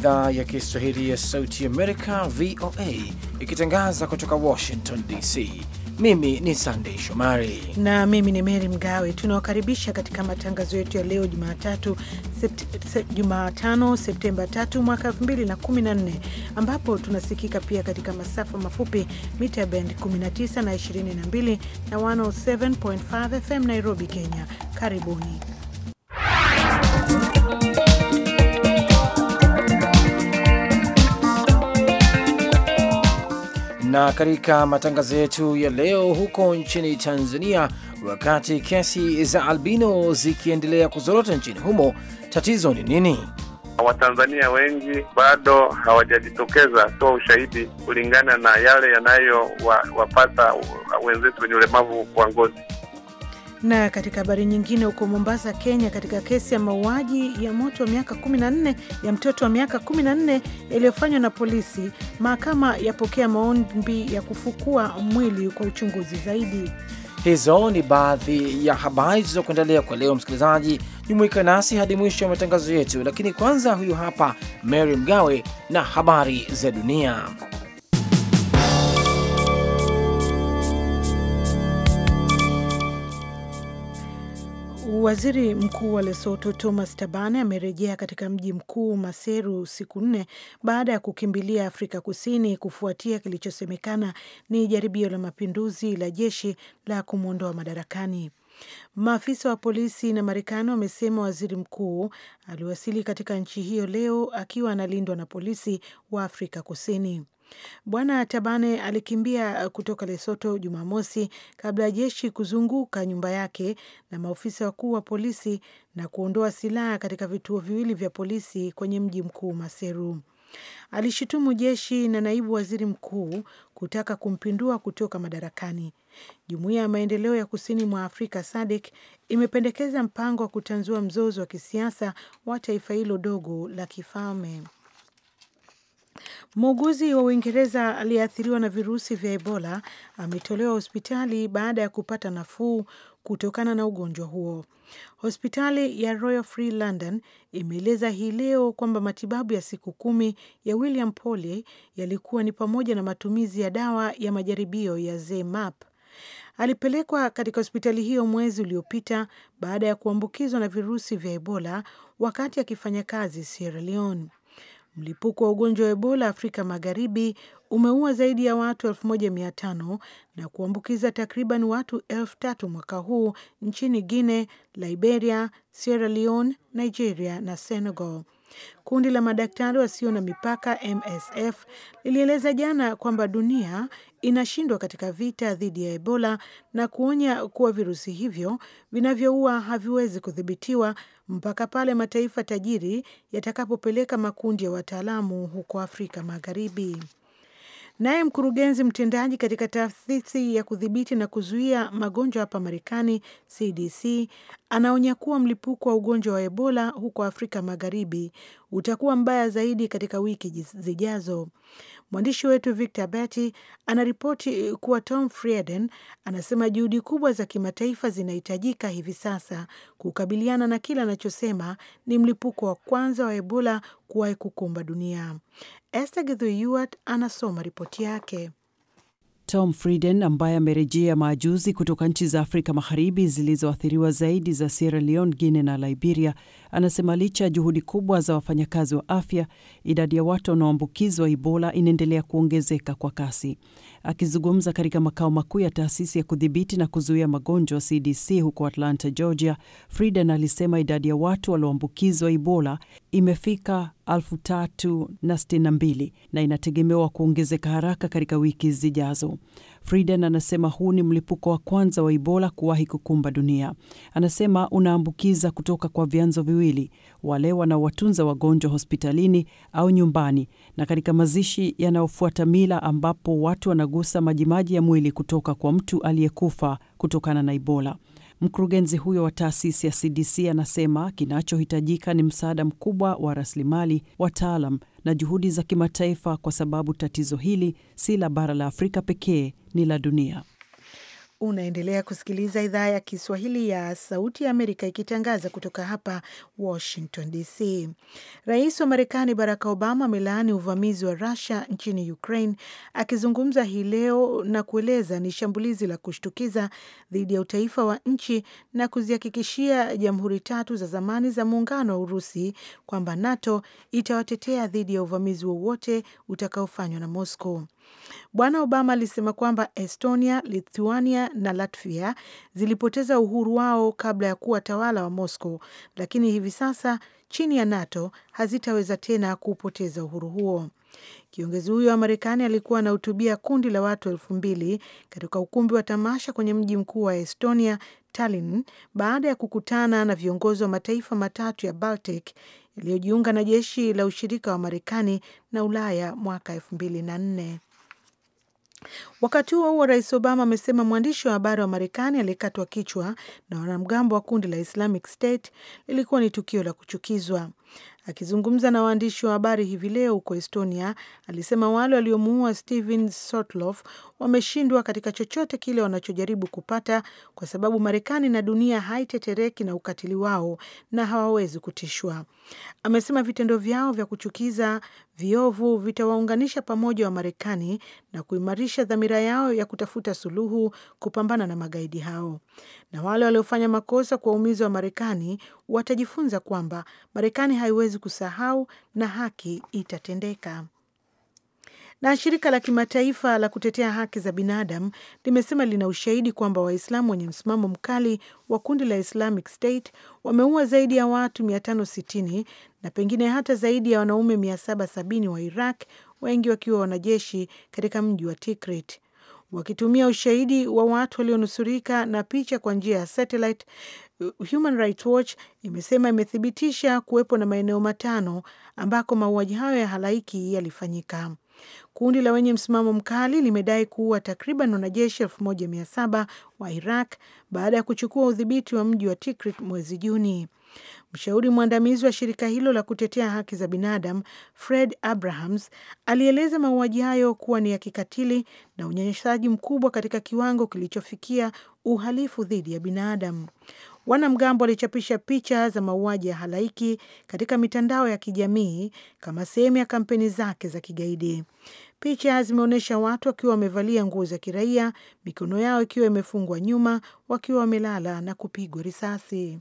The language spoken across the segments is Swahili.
idhaa ya Kiswahili ya Sauti Amerika, VOA, ikitangaza kutoka Washington DC. Mimi ni Sandei Shomari na mimi ni Meri Mgawe. Tunawakaribisha katika matangazo yetu ya leo Jumatatu sept, sept, Jumatano Septemba 3 mwaka 2014 ambapo tunasikika pia katika masafa mafupi mita bend 19 na 22 na 107.5 FM Nairobi, Kenya. Karibuni. Na katika matangazo yetu ya leo, huko nchini Tanzania, wakati kesi za albino zikiendelea kuzorota nchini humo, tatizo ni nini? Watanzania wengi bado hawajajitokeza toa ushahidi kulingana na yale yanayowapata wenzetu wenye ulemavu wa ngozi. Na katika habari nyingine, huko Mombasa, Kenya, katika kesi ya mauaji ya moto wa miaka 14 ya mtoto wa miaka 14 yaliyofanywa na polisi, mahakama yapokea maombi ya kufukua mwili kwa uchunguzi zaidi. Hizo ni baadhi ya habari zilizokuendelea kwa leo. Msikilizaji, jumuika nasi hadi mwisho wa matangazo yetu, lakini kwanza, huyu hapa Mary Mgawe na habari za dunia. Waziri Mkuu wa lesoto Thomas Tabane amerejea katika mji mkuu Maseru siku nne baada ya kukimbilia Afrika Kusini kufuatia kilichosemekana ni jaribio la mapinduzi la jeshi la kumwondoa madarakani. Maafisa wa polisi na Marekani wamesema waziri mkuu aliwasili katika nchi hiyo leo akiwa analindwa na polisi wa Afrika Kusini. Bwana Tabane alikimbia uh, kutoka Lesoto Jumamosi kabla ya jeshi kuzunguka nyumba yake na maofisa wakuu wa polisi na kuondoa silaha katika vituo viwili vya polisi kwenye mji mkuu Maseru. Alishutumu jeshi na naibu waziri mkuu kutaka kumpindua kutoka madarakani. Jumuiya ya maendeleo ya kusini mwa Afrika SADC imependekeza mpango wa kutanzua mzozo wa kisiasa wa taifa hilo dogo la kifalme. Muuguzi wa Uingereza aliyeathiriwa na virusi vya Ebola ametolewa hospitali baada ya kupata nafuu kutokana na ugonjwa huo. Hospitali ya Royal Free London imeeleza hii leo kwamba matibabu ya siku kumi ya William Pole yalikuwa ni pamoja na matumizi ya dawa ya majaribio ya ZMapp. Alipelekwa katika hospitali hiyo mwezi uliopita baada ya kuambukizwa na virusi vya Ebola wakati akifanya kazi Sierra Leone. Mlipuko wa ugonjwa wa Ebola Afrika Magharibi umeua zaidi ya watu 1500 na kuambukiza takriban watu 3000 mwaka huu nchini Guinea, Liberia, Sierra Leone, Nigeria na Senegal. Kundi la madaktari wasio na mipaka MSF lilieleza jana kwamba dunia inashindwa katika vita dhidi ya Ebola na kuonya kuwa virusi hivyo vinavyoua haviwezi kudhibitiwa mpaka pale mataifa tajiri yatakapopeleka makundi ya wataalamu huko Afrika Magharibi. Naye mkurugenzi mtendaji katika taasisi ya kudhibiti na kuzuia magonjwa hapa Marekani, CDC, anaonya kuwa mlipuko wa ugonjwa wa Ebola huko Afrika Magharibi utakuwa mbaya zaidi katika wiki zijazo. Mwandishi wetu Victor Bati anaripoti eh, kuwa Tom Frieden anasema juhudi kubwa za kimataifa zinahitajika hivi sasa kukabiliana na kile anachosema ni mlipuko wa kwanza wa Ebola kuwahi kukumba dunia. Esther Githui anasoma ripoti yake. Tom Frieden ambaye amerejea maajuzi kutoka nchi za Afrika Magharibi zilizoathiriwa zaidi za Sierra Leone, Guinea na Liberia, anasema licha ya juhudi kubwa za wafanyakazi wa afya, idadi ya watu wanaoambukizwa Ebola inaendelea kuongezeka kwa kasi. Akizungumza katika makao makuu ya taasisi ya kudhibiti na kuzuia magonjwa CDC huko Atlanta, Georgia, Frieden alisema idadi ya watu walioambukizwa Ebola imefika 3,062 na inategemewa kuongezeka haraka katika wiki zijazo. Frieden anasema huu ni mlipuko wa kwanza wa Ebola kuwahi kukumba dunia. Anasema unaambukiza kutoka kwa vyanzo viwili, wale wanaowatunza wagonjwa hospitalini au nyumbani, na katika mazishi yanayofuata mila, ambapo watu wanagusa majimaji ya mwili kutoka kwa mtu aliyekufa kutokana na Ebola. Mkurugenzi huyo wa taasisi ya CDC anasema kinachohitajika ni msaada mkubwa wa rasilimali, wataalam na juhudi za kimataifa, kwa sababu tatizo hili si la bara la Afrika pekee, ni la dunia. Unaendelea kusikiliza idhaa ya Kiswahili ya Sauti ya Amerika ikitangaza kutoka hapa Washington DC. Rais wa Marekani Barack Obama amelaani uvamizi wa Rusia nchini Ukraine akizungumza hii leo na kueleza ni shambulizi la kushtukiza dhidi ya utaifa wa nchi na kuzihakikishia jamhuri tatu za zamani za muungano wa Urusi kwamba NATO itawatetea dhidi ya uvamizi wowote utakaofanywa na Moscow. Bwana Obama alisema kwamba Estonia, Lithuania na Latvia zilipoteza uhuru wao kabla ya kuwa tawala wa Moscow, lakini hivi sasa chini ya NATO hazitaweza tena kupoteza uhuru huo. Kiongozi huyo wa Marekani alikuwa anahutubia kundi la watu elfu mbili katika ukumbi wa tamasha kwenye mji mkuu wa Estonia, Tallinn, baada ya kukutana na viongozi wa mataifa matatu ya Baltic yaliyojiunga na jeshi la ushirika wa Marekani na Ulaya mwaka elfu mbili na nne. Wakati huo huo, Rais Obama amesema mwandishi wa habari wa Marekani aliyekatwa kichwa na wanamgambo wa kundi la Islamic State lilikuwa ni tukio la kuchukizwa. Akizungumza na waandishi wa habari hivi leo huko Estonia, alisema wale waliomuua stehen Sotloff wameshindwa katika chochote kile wanachojaribu kupata, kwa sababu Marekani na dunia haitetereki na ukatili wao na hawawezi kutishwa. Amesema vitendo vyao vya kuchukiza viovu vitawaunganisha pamoja wa Marekani na kuimarisha dhamira yao ya kutafuta suluhu kupambana na magaidi hao, na wale waliofanya makosa kwa umizi wa Marekani watajifunza kwamba Marekani haiwezi kusahau na haki itatendeka. Na shirika la kimataifa la kutetea haki za binadamu limesema lina ushahidi kwamba Waislamu wenye msimamo mkali wa kundi la Islamic State wameua zaidi ya watu 560 na pengine hata zaidi ya wanaume 770 wa Iraq, wengi wakiwa wanajeshi katika mji wa Tikrit wakitumia ushahidi wa watu walionusurika na picha kwa njia ya satellite. Human Rights Watch imesema imethibitisha kuwepo na maeneo matano ambako mauaji hayo ya halaiki yalifanyika. Kundi la wenye msimamo mkali limedai kuua takriban wanajeshi 1700 wa Iraq baada ya kuchukua udhibiti wa mji wa Tikrit mwezi Juni. Mshauri mwandamizi wa shirika hilo la kutetea haki za binadamu Fred Abrahams alieleza mauaji hayo kuwa ni ya kikatili na unyanyasaji mkubwa katika kiwango kilichofikia uhalifu dhidi ya binadamu. Wanamgambo walichapisha picha za mauaji ya halaiki katika mitandao ya kijamii kama sehemu ya kampeni zake za kigaidi. Picha zimeonyesha watu wakiwa wamevalia nguo za kiraia, mikono yao ikiwa imefungwa nyuma, wakiwa wamelala na kupigwa risasi.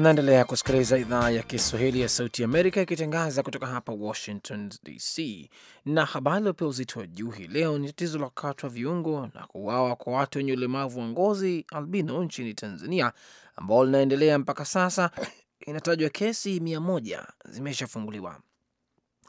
Mnaendelea kusikiliza idhaa ya Kiswahili ya Sauti Amerika ikitangaza kutoka hapa Washington DC. Na habari iliyopewa uzito wa juu hii leo ni tatizo la kukatwa viungo na kuuawa kwa watu wenye ulemavu wa ngozi albino nchini Tanzania, ambao linaendelea mpaka sasa. Inatajwa kesi mia moja zimeshafunguliwa,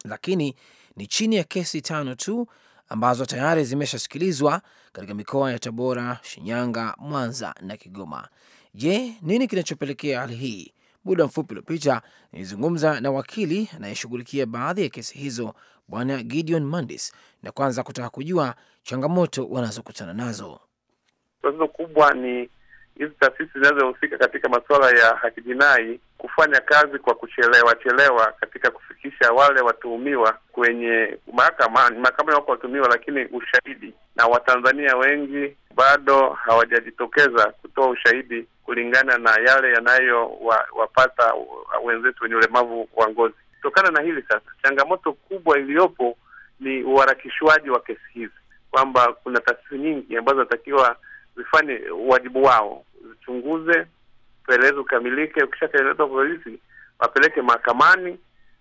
lakini ni chini ya kesi tano tu ambazo tayari zimeshasikilizwa katika mikoa ya Tabora, Shinyanga, Mwanza na Kigoma. Je, nini kinachopelekea hali hii? Muda mfupi uliopita nilizungumza na wakili anayeshughulikia baadhi ya kesi hizo Bwana Gideon Mandis, na kwanza kutaka kujua changamoto wanazokutana nazo. Tatizo kubwa ni hizi taasisi zinazohusika katika masuala ya haki jinai kufanya kazi kwa kuchelewa chelewa katika kufikisha wale watuhumiwa kwenye mahakama. Mahakama wako watuhumiwa, lakini ushahidi na Watanzania wengi bado hawajajitokeza kutoa ushahidi kulingana na yale yanayowapata wa, wenzetu wenye ulemavu wa ngozi. Kutokana na hili sasa, changamoto kubwa iliyopo ni uharakishwaji wa kesi hizi, kwamba kuna taasisi nyingi ambazo zinatakiwa zifanye wajibu wao wachunguze, upelelezi ukamilike. Ukishatengenezwa polisi wapeleke mahakamani,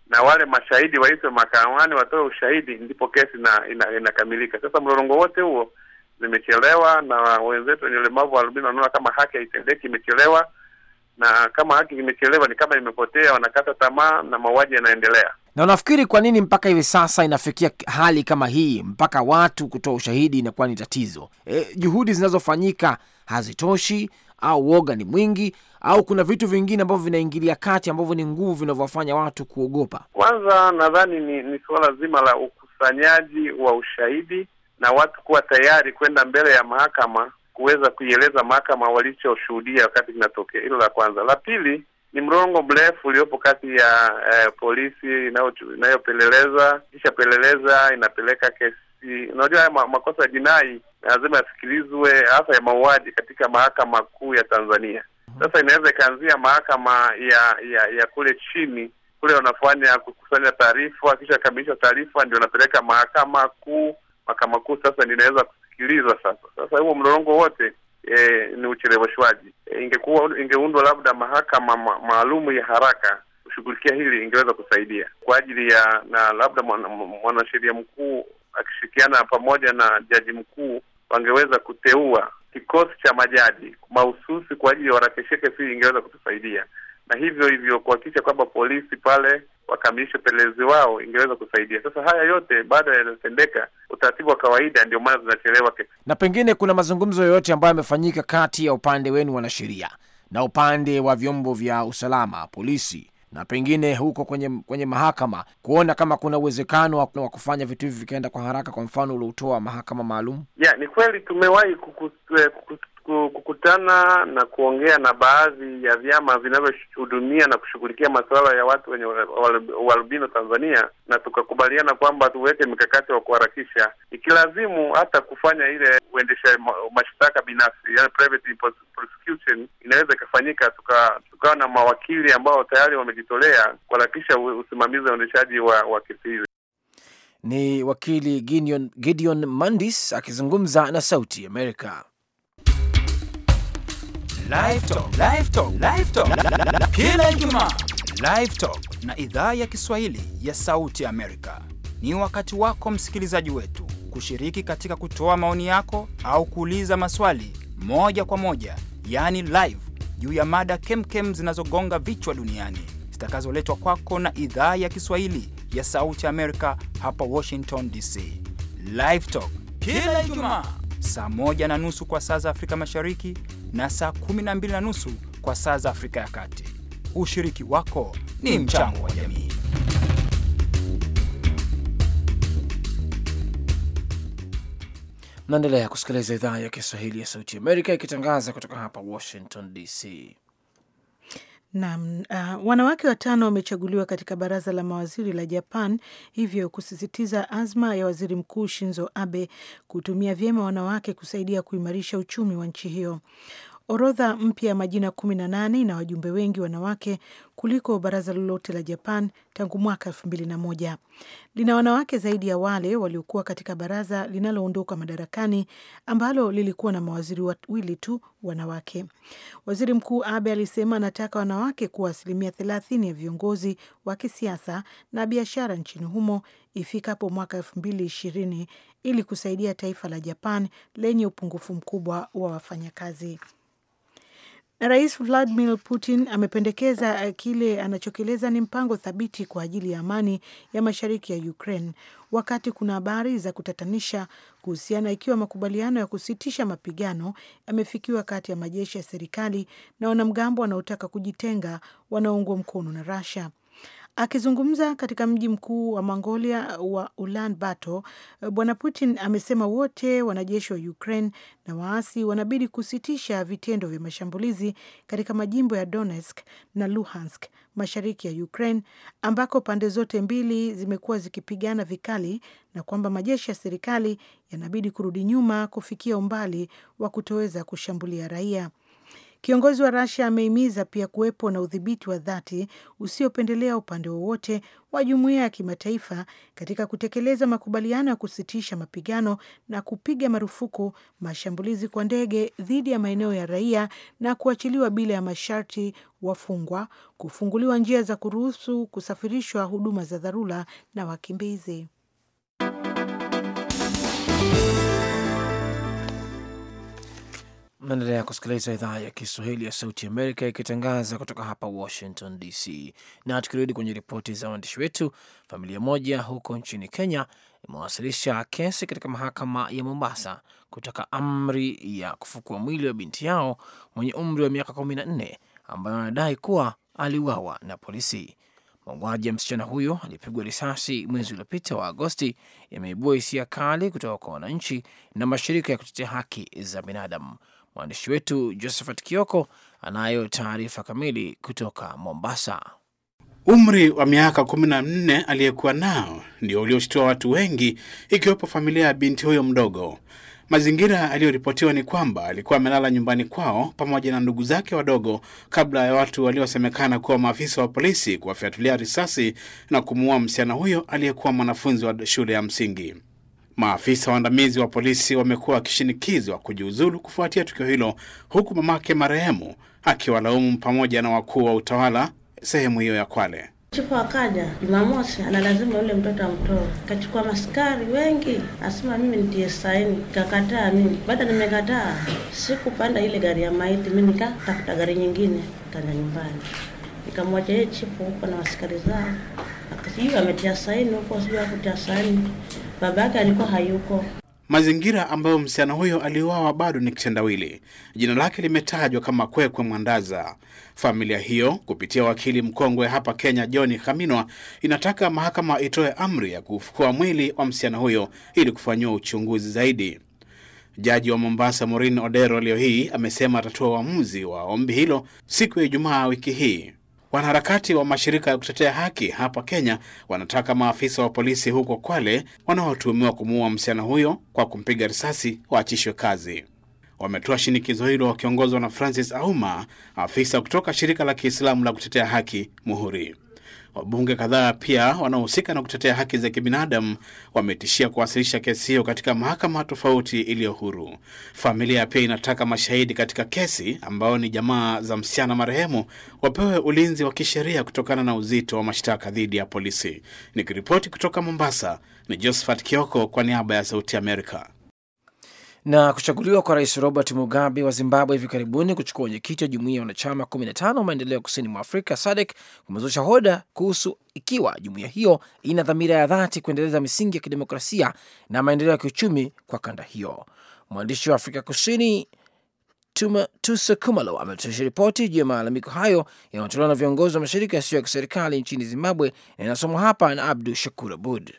na wale mashahidi waitwe mahakamani, watoe ushahidi, ndipo kesi inakamilika. Ina, ina sasa mlolongo wote huo zimechelewa, na wenzetu wenye ulemavu wa albino wanaona kama haki haitendeki, imechelewa na kama haki imechelewa ni kama imepotea, wanakata tamaa na mauaji yanaendelea. Na unafikiri kwa nini mpaka hivi sasa inafikia hali kama hii, mpaka watu kutoa ushahidi inakuwa ni tatizo? E, juhudi zinazofanyika hazitoshi au woga ni mwingi au kuna vitu vingine ambavyo vinaingilia kati ambavyo ni nguvu vinavyowafanya watu kuogopa? Kwanza nadhani ni, ni suala zima la ukusanyaji wa ushahidi na watu kuwa tayari kwenda mbele ya mahakama kuweza kuieleza mahakama walichoshuhudia wakati kinatokea. Hilo la kwanza. La pili ni mrongo mrefu uliopo kati ya eh, polisi inayopeleleza, kisha peleleza, inapeleka kesi. Unajua haya makosa ya jinai lazima yasikilizwe hasa ya mauaji katika mahakama kuu ya Tanzania. Sasa inaweza ikaanzia mahakama ya, ya ya kule chini kule, wanafanya kukusanya taarifa, kisha kamilisha taarifa ndio wanapeleka mahakama kuu. Mahakama kuu sasa ndio inaweza kusikilizwa. Sasa sasa huo mlolongo wote e, ni ucheleweshwaji. E, ingekuwa ingeundwa labda mahakama ma, maalumu ya haraka kushughulikia hili, ingeweza kusaidia kwa ajili ya na labda mwanasheria mwana mkuu akishirikiana pamoja na jaji mkuu wangeweza kuteua kikosi cha majaji mahususi kwa ajili ya warakesheke, si ingeweza kutusaidia, na hivyo hivyo kuhakikisha kwamba polisi pale wakamilishe upelelezi wao, ingeweza kusaidia. Sasa haya yote bado yanatendeka utaratibu wa kawaida, ndio maana zinachelewa. Na pengine kuna mazungumzo yoyote ambayo yamefanyika kati ya upande wenu wanasheria na upande wa vyombo vya usalama polisi na pengine huko kwenye, kwenye mahakama kuona kama kuna uwezekano wa kufanya vitu hivi vikaenda kwa haraka, kwa mfano uliotoa mahakama maalum? Yeah, ni kweli tumewahi eh, kukutana na kuongea na baadhi ya vyama vinavyohudumia na kushughulikia masuala ya watu wenye ualbino Tanzania, na tukakubaliana kwamba tuweke mikakati wa kuharakisha, ikilazimu hata kufanya ile uendesha mashtaka binafsi, yani private prosecution inaweza ikafanyika. Tukawa tuka na mawakili ambao tayari wamejitolea kuharakisha usimamizi wa uendeshaji wa kesi hizi. Ni wakili Gideon, Gideon Mandis akizungumza na Sauti Amerika. Kila na idhaa ya Kiswahili ya Sauti Amerika. Ni wakati wako msikilizaji wetu kushiriki katika kutoa maoni yako au kuuliza maswali moja kwa moja, yani live, juu ya mada kemkem zinazogonga vichwa duniani zitakazoletwa kwako na idhaa ya Kiswahili ya Sauti Amerika hapa Washington DC. livetok kila Ijumaa saa moja na nusu kwa saa za Afrika Mashariki na saa 12 na nusu kwa saa za Afrika ya Kati. Ushiriki wako ni mchango wa jamii. Naendelea kusikiliza idhaa ya Kiswahili ya Sauti Amerika ikitangaza kutoka hapa Washington DC. Naam, uh, wanawake watano wamechaguliwa katika baraza la mawaziri la Japan, hivyo kusisitiza azma ya waziri mkuu Shinzo Abe kutumia vyema wanawake kusaidia kuimarisha uchumi wa nchi hiyo. Orodha mpya ya majina 18 ina wajumbe wengi wanawake kuliko baraza lolote la Japan tangu mwaka 2001. Lina wanawake zaidi ya wale waliokuwa katika baraza linaloondoka madarakani ambalo lilikuwa na mawaziri wawili tu wanawake. Waziri Mkuu Abe alisema anataka wanawake kuwa asilimia 30 ya viongozi wa kisiasa na biashara nchini humo ifikapo mwaka 2020 ili kusaidia taifa la Japan lenye upungufu mkubwa wa wafanyakazi. Rais Vladimir Putin amependekeza kile anachokieleza ni mpango thabiti kwa ajili ya amani ya mashariki ya Ukraine, wakati kuna habari za kutatanisha kuhusiana ikiwa makubaliano ya kusitisha mapigano yamefikiwa kati ya majeshi ya serikali na wanamgambo wanaotaka kujitenga wanaoungwa mkono na Russia. Akizungumza katika mji mkuu wa Mongolia wa Ulan bato Bwana Putin amesema wote wanajeshi wa Ukraine na waasi wanabidi kusitisha vitendo vya mashambulizi katika majimbo ya Donetsk na Luhansk mashariki ya Ukraine ambako pande zote mbili zimekuwa zikipigana vikali na kwamba majeshi ya serikali yanabidi kurudi nyuma kufikia umbali wa kutoweza kushambulia raia. Kiongozi wa rasia amehimiza pia kuwepo na udhibiti wa dhati usiopendelea upande wowote wa jumuiya ya kimataifa katika kutekeleza makubaliano ya kusitisha mapigano na kupiga marufuku mashambulizi kwa ndege dhidi ya maeneo ya raia na kuachiliwa bila ya masharti wafungwa, kufunguliwa njia za kuruhusu kusafirishwa huduma za dharura na wakimbizi. Mnaendelea kusikiliza idhaa ya Kiswahili ya Sauti Amerika ikitangaza kutoka hapa Washington DC. Na tukirudi kwenye ripoti za waandishi wetu, familia moja huko nchini Kenya imewasilisha kesi katika mahakama ya Mombasa kutaka amri ya kufukua mwili wa binti yao mwenye umri wa miaka 14 ambayo anadai kuwa aliuawa na polisi. Mauaji ya msichana huyo aliyepigwa risasi mwezi uliopita wa Agosti yameibua hisia kali kutoka kwa wananchi na mashirika ya kutetea haki za binadamu. Mwandishi wetu Josephat Kioko anayo taarifa kamili kutoka Mombasa. Umri wa miaka kumi na nne aliyekuwa nao ndio ulioshtua watu wengi, ikiwepo familia ya binti huyo mdogo. Mazingira aliyoripotiwa ni kwamba alikuwa amelala nyumbani kwao pamoja na ndugu zake wadogo kabla ya watu waliosemekana kuwa maafisa wa polisi kuwafyatulia risasi na kumuua msichana huyo aliyekuwa mwanafunzi wa shule ya msingi. Maafisa waandamizi wa polisi wamekuwa wakishinikizwa kujiuzulu kufuatia tukio hilo, huku mamake marehemu akiwalaumu pamoja na wakuu wa utawala sehemu hiyo ya Kwale. Chifu akaja Jumamosi, ana lazima yule mtoto amtoe. Kachukua maskari wengi, asema mimi ndiye saini, kakataa. Mimi baada nimekataa, sikupanda ile gari ya maiti, mimi nikatafuta gari nyingine, kanda nyumbani, nikamwacha yeye chifu huko na wasikari zao, akasijui ametia saini huko, sijui akutia saini babake alikuwa hayuko. Mazingira ambayo msichana huyo aliuawa bado ni kitendawili. Jina lake limetajwa kama Kwekwe Mwandaza. Familia hiyo kupitia wakili mkongwe hapa Kenya, John Khaminwa, inataka mahakama itoe amri ya kufukua mwili wa msichana huyo ili kufanyiwa uchunguzi zaidi. Jaji wa Mombasa Maureen Odero leo hii amesema atatoa uamuzi wa ombi hilo siku ya Ijumaa wiki hii. Wanaharakati wa mashirika ya kutetea haki hapa Kenya wanataka maafisa wa polisi huko Kwale wanaotuhumiwa kumuua msichana huyo kwa kumpiga risasi waachishwe kazi. Wametoa shinikizo hilo wakiongozwa na Francis Auma, afisa kutoka shirika la Kiislamu la kutetea haki Muhuri. Wabunge kadhaa pia wanaohusika na kutetea haki za kibinadamu wametishia kuwasilisha kesi hiyo katika mahakama tofauti iliyo huru. Familia pia inataka mashahidi katika kesi ambao ni jamaa za msichana marehemu wapewe ulinzi wa kisheria kutokana na uzito wa mashtaka dhidi ya polisi. Nikiripoti kutoka Mombasa ni Josephat Kioko kwa niaba ya Sauti Amerika. Na kuchaguliwa kwa Rais Robert Mugabe wa Zimbabwe hivi karibuni kuchukua wenyekiti wa jumuia ya wanachama 15 wa maendeleo ya kusini mwa Afrika SADC kumezusha hoda kuhusu ikiwa jumuia hiyo ina dhamira ya dhati kuendeleza misingi ya kidemokrasia na maendeleo ya kiuchumi kwa kanda hiyo. Mwandishi wa Afrika Kusini Tusa Kumalo ameturisha ripoti juu ya malalamiko hayo yanayotolewa na viongozi wa mashirika yasiyo ya kiserikali nchini Zimbabwe na inasomwa hapa na Abdu Shakur Abud.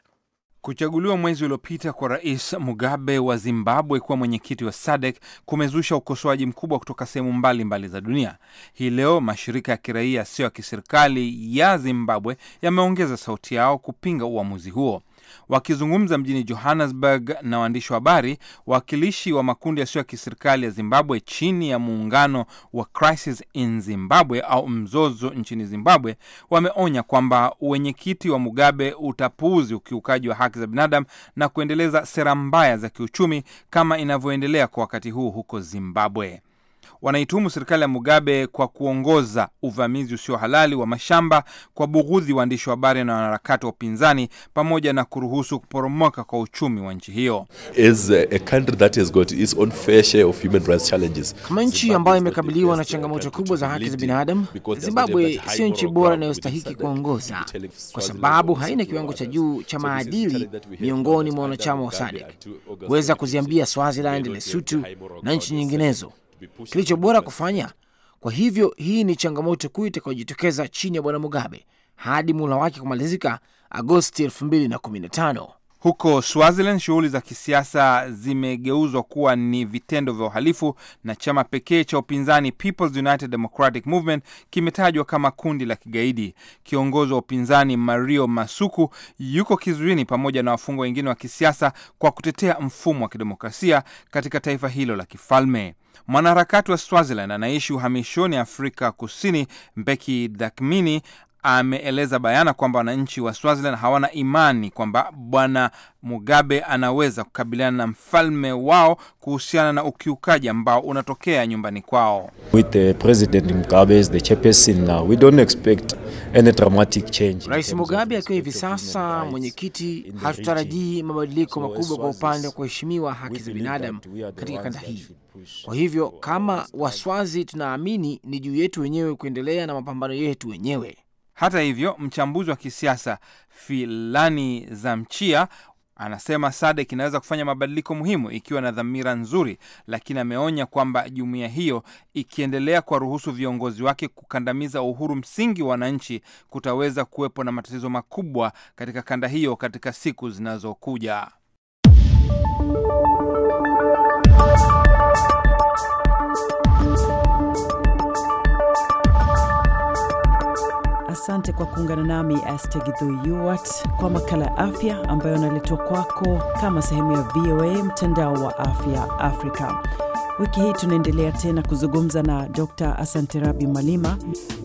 Kuchaguliwa mwezi uliopita kwa Rais Mugabe wa Zimbabwe kuwa mwenyekiti wa SADC kumezusha ukosoaji mkubwa kutoka sehemu mbalimbali za dunia. Hii leo mashirika ya kiraia yasiyo ya kiserikali ya Zimbabwe yameongeza sauti yao kupinga uamuzi huo. Wakizungumza mjini Johannesburg na waandishi wa habari, wawakilishi wa makundi yasiyo ya kiserikali ya Zimbabwe chini ya muungano wa Crisis in Zimbabwe au mzozo nchini Zimbabwe wameonya kwamba uwenyekiti wa Mugabe utapuuzi ukiukaji wa haki za binadamu na kuendeleza sera mbaya za kiuchumi kama inavyoendelea kwa wakati huu huko Zimbabwe wanaituhumu serikali ya Mugabe kwa kuongoza uvamizi usio halali wa mashamba, kwa bughudhi waandishi wa habari na wanaharakati wa upinzani, pamoja na kuruhusu kuporomoka kwa uchumi wa nchi hiyo. Kama nchi ambayo imekabiliwa na changamoto kubwa za haki za binadamu, Zimbabwe siyo nchi bora inayostahiki kuongoza kwa sababu haina kiwango cha juu cha maadili miongoni mwa wanachama wa SADC. Huweza kuziambia Swaziland, Lesutu na nchi nyinginezo kilicho bora kufanya. Kwa hivyo hii ni changamoto kuu itakayojitokeza chini ya bwana Mugabe hadi muhula wake kumalizika Agosti 2015. Huko Swaziland, shughuli za kisiasa zimegeuzwa kuwa ni vitendo vya uhalifu, na chama pekee cha upinzani People's United Democratic Movement kimetajwa kama kundi la kigaidi. Kiongozi wa upinzani Mario Masuku yuko kizuini pamoja na wafungwa wengine wa kisiasa kwa kutetea mfumo wa kidemokrasia katika taifa hilo la kifalme. Mwanaharakati wa Swaziland anaishi uhamishoni Afrika Kusini, Mbeki dakmini ameeleza bayana kwamba wananchi wa Swaziland hawana imani kwamba bwana Mugabe anaweza kukabiliana na mfalme wao kuhusiana na ukiukaji ambao unatokea nyumbani kwao. Uh, Rais Mugabe akiwa hivi sasa mwenyekiti, hatutarajii mabadiliko makubwa kwa upande wa kuheshimiwa haki za binadamu katika kanda hii. Kwa hivyo kama Waswazi, tunaamini ni juu yetu wenyewe kuendelea na mapambano yetu wenyewe. Hata hivyo, mchambuzi wa kisiasa Filani Zamchia anasema SADC inaweza kufanya mabadiliko muhimu ikiwa na dhamira nzuri, lakini ameonya kwamba jumuiya hiyo ikiendelea kuwaruhusu viongozi wake kukandamiza uhuru msingi wa wananchi, kutaweza kuwepo na matatizo makubwa katika kanda hiyo katika siku zinazokuja. asante kwa kuungana nami Astegidhu kwa makala ya afya ambayo analetwa kwako kama sehemu ya VOA mtandao wa afya Afrika. Wiki hii tunaendelea tena kuzungumza na Dr Asanterabi Malima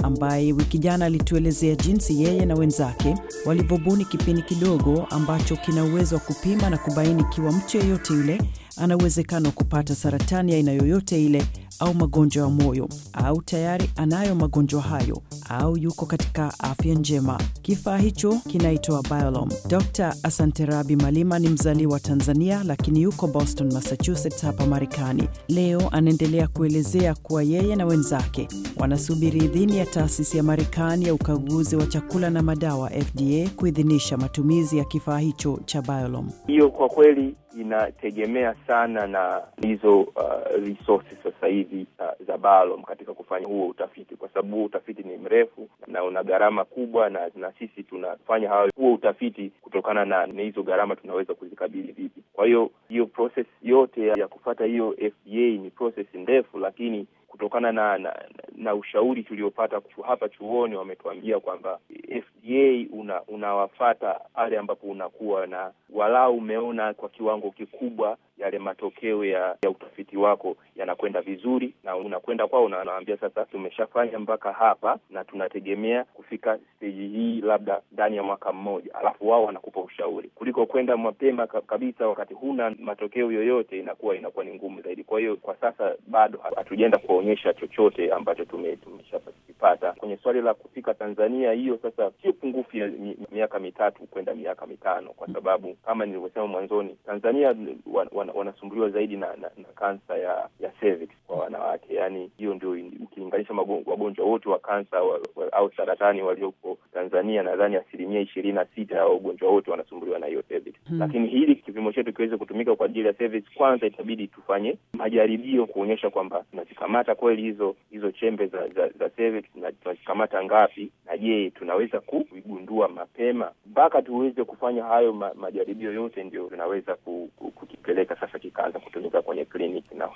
ambaye wiki jana alituelezea jinsi yeye na wenzake walivyobuni kipindi kidogo ambacho kina uwezo wa kupima na kubaini ikiwa mtu yeyote yule ana uwezekano wa kupata saratani aina yoyote ile au magonjwa ya moyo au tayari anayo magonjwa hayo au yuko katika afya njema. Kifaa hicho kinaitwa Biolom. Dr Asante Rabi Malima ni mzaliwa wa Tanzania lakini yuko Boston, Massachusetts hapa Marekani. Leo anaendelea kuelezea kuwa yeye na wenzake wanasubiri idhini ya taasisi ya Marekani ya ukaguzi wa chakula na madawa FDA kuidhinisha matumizi ya kifaa hicho cha Biolom. Hiyo kwa kweli inategemea sana na hizo uh, resources sasa hivi hizi uh, za balom katika kufanya huo utafiti, kwa sababu huo utafiti ni mrefu na una gharama kubwa, na na sisi tunafanya hayo huo utafiti kutokana na hizo gharama tunaweza kuzikabili vipi. Kwa hiyo hiyo process yote ya kufata hiyo FDA ni process ndefu, lakini kutokana na na, na ushauri tuliopata hapa chuoni, wametuambia kwamba FDA una, unawafata pale ambapo unakuwa na walau umeona kwa kiwango kikubwa yale matokeo ya, ya utafiti wako yanakwenda vizuri, na unakwenda kwao, unawaambia sasa, tumeshafanya mpaka hapa na tunategemea kufika steji hii labda ndani ya mwaka mmoja, alafu wao wanakupa ushauri kuliko kwenda mapema kabisa wakati huna matokeo yoyote, inakuwa inakuwa ni ngumu zaidi. Kwa hiyo kwa sasa bado hatujaenda kuona kuonyesha chochote ambacho tumeshakipata kwenye swali la kufika Tanzania. Hiyo sasa sio pungufu ya miaka mitatu kwenda miaka mitano, kwa sababu kama nilivyosema mwanzoni, Tanzania wanasumbuliwa wana, wanasumbuliwa zaidi na, na, na kansa ya, ya cervix kwa wanawake. Yani hiyo ndio ukilinganisha wagonjwa wote wa kansa wa, wa, au saratani walioko Tanzania, nadhani asilimia ishirini na sita ya wagonjwa wote wanasumbuliwa na hiyo cervix hmm. Lakini hili kipimo chetu kiweze kutumika kwa ajili ya cervix, kwanza itabidi tufanye majaribio kuonyesha kwamba tunazikamata tunakamata kweli hizo hizo chembe za za, za cervix na tunazikamata ngapi, na je tunaweza kuigundua mapema? Mpaka tuweze kufanya hayo ma, majaribio yote, ndio tunaweza kukipeleka sasa kikaanza kutumika kwenye kliniki na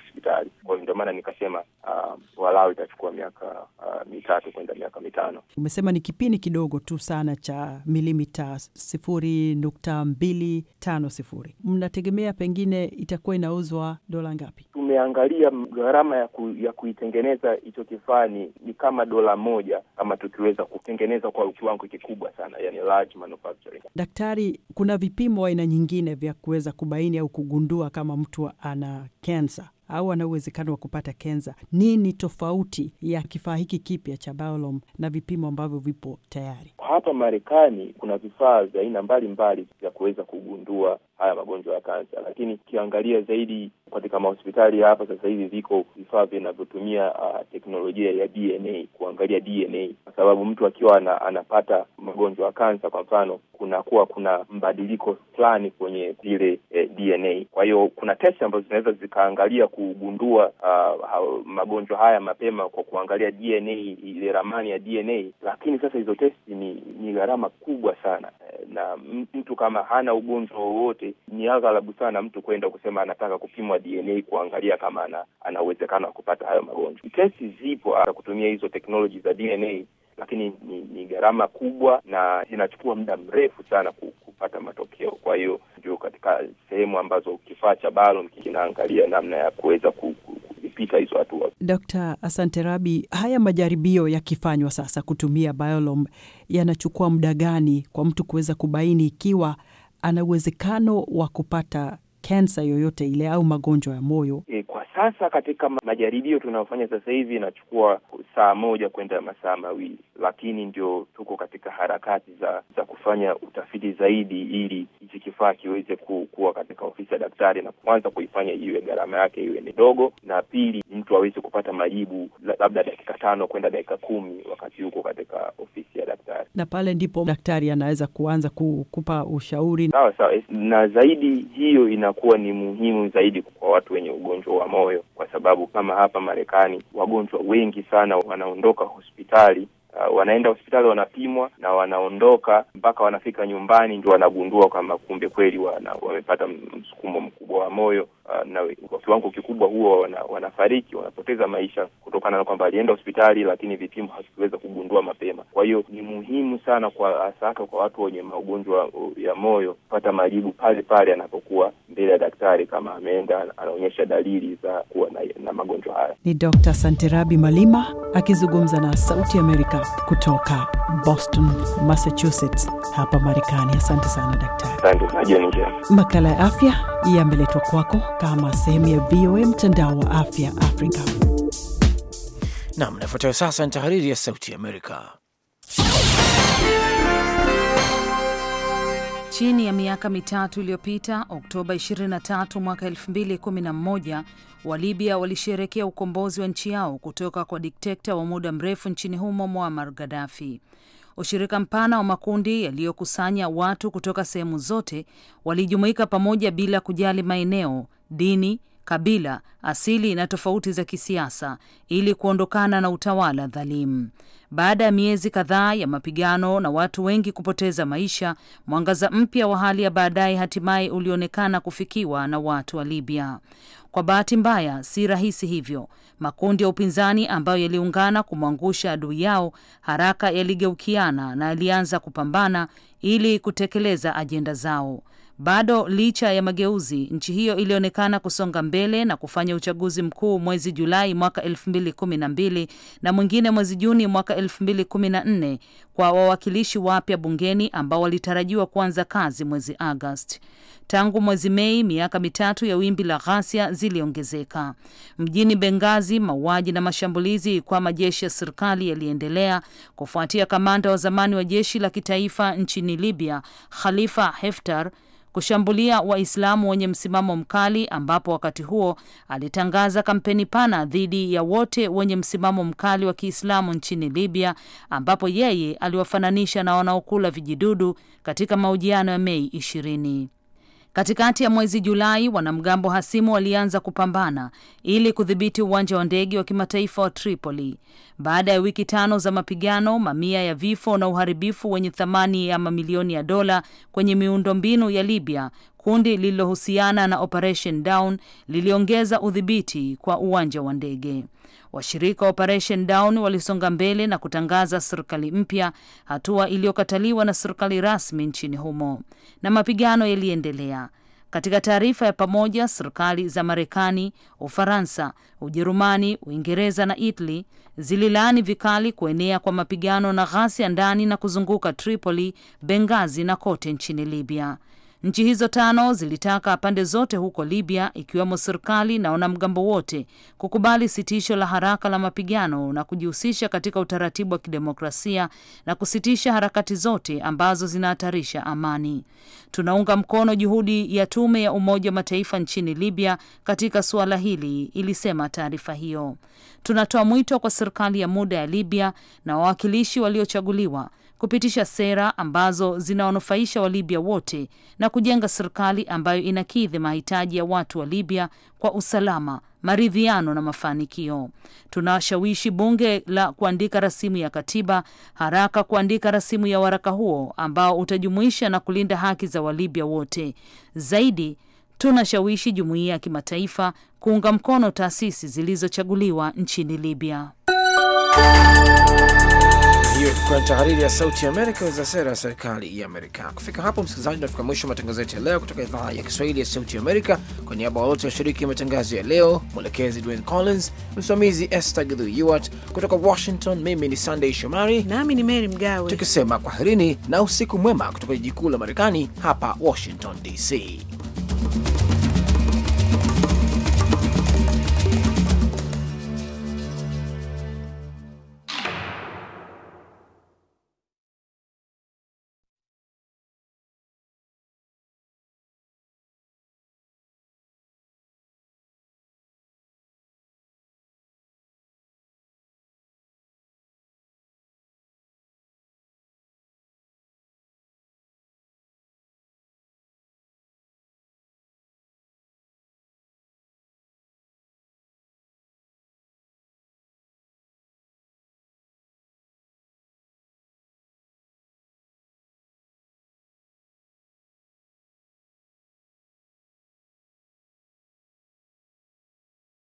ndio maana nikasema uh, walau itachukua miaka uh, mitatu kwenda miaka mitano. Umesema ni kipindi kidogo tu sana cha milimita sifuri nukta mbili tano sifuri. Mnategemea pengine itakuwa inauzwa dola ngapi? Tumeangalia gharama ya, ku, ya kuitengeneza hicho kifaa ni, ni kama dola moja, kama tukiweza kutengeneza kwa kiwango kikubwa sana, yani large manufacturing. Daktari, kuna vipimo aina nyingine vya kuweza kubaini au kugundua kama mtu ana kansa au ana uwezekano wa kupata kenza. Nini tofauti ya kifaa hiki kipya cha Biolum na vipimo ambavyo vipo tayari hapa Marekani? Kuna vifaa vya aina mbalimbali vya kuweza kugundua haya magonjwa ya kansa. Lakini ukiangalia zaidi katika mahospitali hapa sasa hivi viko vifaa vinavyotumia uh, teknolojia ya DNA kuangalia DNA, kwa sababu mtu akiwa ana, anapata magonjwa ya kansa, kwa mfano, kunakuwa kuna mbadiliko fulani kwenye zile eh, DNA. Kwa hiyo kuna testi ambazo zinaweza zikaangalia kugundua uh, ha, magonjwa haya mapema kwa kuangalia DNA, ile ramani ya DNA. Lakini sasa hizo testi ni, ni gharama kubwa sana, eh, na mtu kama hana ugonjwa wowote ni aghalabu sana mtu kwenda kusema anataka kupimwa DNA kuangalia kama ana, ana uwezekano wa kupata hayo magonjwa. kesi zipo ah, za kutumia hizo teknoloji za DNA lakini ni, ni gharama kubwa na zinachukua muda mrefu sana kupata matokeo. Kwa hiyo ndio katika sehemu ambazo kifaa cha balo kinaangalia namna ya kuweza kuzipita hizo hatua. Dkt. Asante Rabi, haya majaribio yakifanywa sasa kutumia Biolom yanachukua muda gani kwa mtu kuweza kubaini ikiwa ana uwezekano wa kupata kansa yoyote ile au magonjwa ya moyo? E, kwa sasa katika majaribio tunayofanya sasa hivi inachukua saa moja kwenda masaa mawili, lakini ndio tuko katika harakati za za kufanya utafiti zaidi ili hichi kifaa kiweze ku, kuwa katika ofisi ya daktari na kwanza kuifanya iwe gharama yake iwe ni ndogo, na pili mtu aweze kupata majibu labda dakika tano kwenda dakika kumi wakati huko katika ofisi ya daktari, na pale ndipo daktari anaweza kuanza kukupa ushauri. Sawa sawa, na zaidi hiyo inaku itakuwa ni muhimu zaidi kwa watu wenye ugonjwa wa moyo, kwa sababu kama hapa Marekani wagonjwa wengi sana wanaondoka hospitali Uh, wanaenda hospitali wanapimwa na wanaondoka, mpaka wanafika nyumbani ndio wanagundua kwamba kumbe kweli wana, wamepata msukumo mkubwa wa moyo. Uh, na kwa kiwango kikubwa huwa wana, wanafariki wanapoteza maisha kutokana na kwamba alienda hospitali lakini vipimo hakiweza kugundua mapema. Kwa hiyo ni muhimu sana kwa asaka kwa watu wenye magonjwa uh, ya moyo kupata majibu pale pale anapokuwa mbele ya daktari, kama ameenda anaonyesha dalili za kuwa na, na magonjwa haya. Ni Dr. Santerabi Malima akizungumza na Sauti Amerika kutoka Boston, Massachusetts, hapa Marekani. Asante sana daktari. Makala ya afya yameletwa kwako kama sehemu ya VOA mtandao wa afya Afrika. Nam nafuatayo sasa ni tahariri ya Sauti Amerika. Chini ya miaka mitatu iliyopita, Oktoba 23 mwaka 2011, Walibya walisherekea ukombozi wa nchi yao kutoka kwa dikteta wa muda mrefu nchini humo Muammar Gaddafi. Ushirika mpana wa makundi yaliyokusanya watu kutoka sehemu zote walijumuika pamoja bila kujali maeneo, dini, kabila, asili na tofauti za kisiasa ili kuondokana na utawala dhalimu. Baada ya miezi kadhaa ya mapigano na watu wengi kupoteza maisha, mwangaza mpya wa hali ya baadaye hatimaye ulionekana kufikiwa na watu wa Libya. Kwa bahati mbaya, si rahisi hivyo. Makundi ya upinzani ambayo yaliungana kumwangusha adui yao haraka yaligeukiana na yalianza kupambana ili kutekeleza ajenda zao. Bado licha ya mageuzi, nchi hiyo ilionekana kusonga mbele na kufanya uchaguzi mkuu mwezi Julai mwaka kumi na mbili na mwingine mwezi Juni mwaka nne kwa wawakilishi wapya bungeni ambao walitarajiwa kuanza kazi mwezi Agosti. Tangu mwezi Mei, miaka mitatu ya wimbi la ghasia ziliongezeka mjini Bengazi. Mauaji na mashambulizi kwa majeshi ya serikali yaliendelea kufuatia kamanda wa zamani wa jeshi la kitaifa nchini Libya Khalifa Heftar kushambulia Waislamu wenye msimamo mkali, ambapo wakati huo alitangaza kampeni pana dhidi ya wote wenye msimamo mkali wa Kiislamu nchini Libya, ambapo yeye aliwafananisha na wanaokula vijidudu katika mahojiano ya Mei ishirini. Katikati ya mwezi Julai, wanamgambo hasimu walianza kupambana ili kudhibiti uwanja wa ndege wa kimataifa wa Tripoli. Baada ya wiki tano za mapigano, mamia ya vifo na uharibifu wenye thamani ya mamilioni ya dola kwenye miundombinu ya Libya, kundi lililohusiana na Operation Dawn liliongeza udhibiti kwa uwanja wa ndege. Washirika wa Operation Dawn walisonga mbele na kutangaza serikali mpya, hatua iliyokataliwa na serikali rasmi nchini humo, na mapigano yaliendelea. Katika taarifa ya pamoja, serikali za Marekani, Ufaransa, Ujerumani, Uingereza na Italy zililaani vikali kuenea kwa mapigano na ghasia ndani na kuzunguka Tripoli, bengazi na kote nchini Libya. Nchi hizo tano zilitaka pande zote huko Libya, ikiwemo serikali na wanamgambo wote, kukubali sitisho la haraka la mapigano na kujihusisha katika utaratibu wa kidemokrasia na kusitisha harakati zote ambazo zinahatarisha amani. Tunaunga mkono juhudi ya tume ya Umoja wa Mataifa nchini Libya katika suala hili, ilisema taarifa hiyo. Tunatoa mwito kwa serikali ya muda ya Libya na wawakilishi waliochaguliwa kupitisha sera ambazo zinawanufaisha Walibya wote na kujenga serikali ambayo inakidhi mahitaji ya watu wa Libya kwa usalama, maridhiano na mafanikio. Tunashawishi bunge la kuandika rasimu ya katiba haraka, kuandika rasimu ya waraka huo ambao utajumuisha na kulinda haki za Walibya wote. Zaidi, tunashawishi jumuiya ya kimataifa kuunga mkono taasisi zilizochaguliwa nchini Libya hiyo tukuwa ni tahariri ya Sauti ya Amerika za sera ya serikali ya Amerika. Kufika hapo, msikilizaji, tunafika mwisho matangazo yetu ya leo kutoka idhaa ya Kiswahili ya Sauti ya Amerika. Kwa niaba wote washiriki matangazo ya leo, mwelekezi Dwayne Collins, msimamizi Esther Githu Yuart kutoka Washington, mimi ni sandey Shomari nami ni Mary Mgawe, tukisema kwaherini na usiku mwema kutoka jiji kuu la Marekani hapa Washington DC.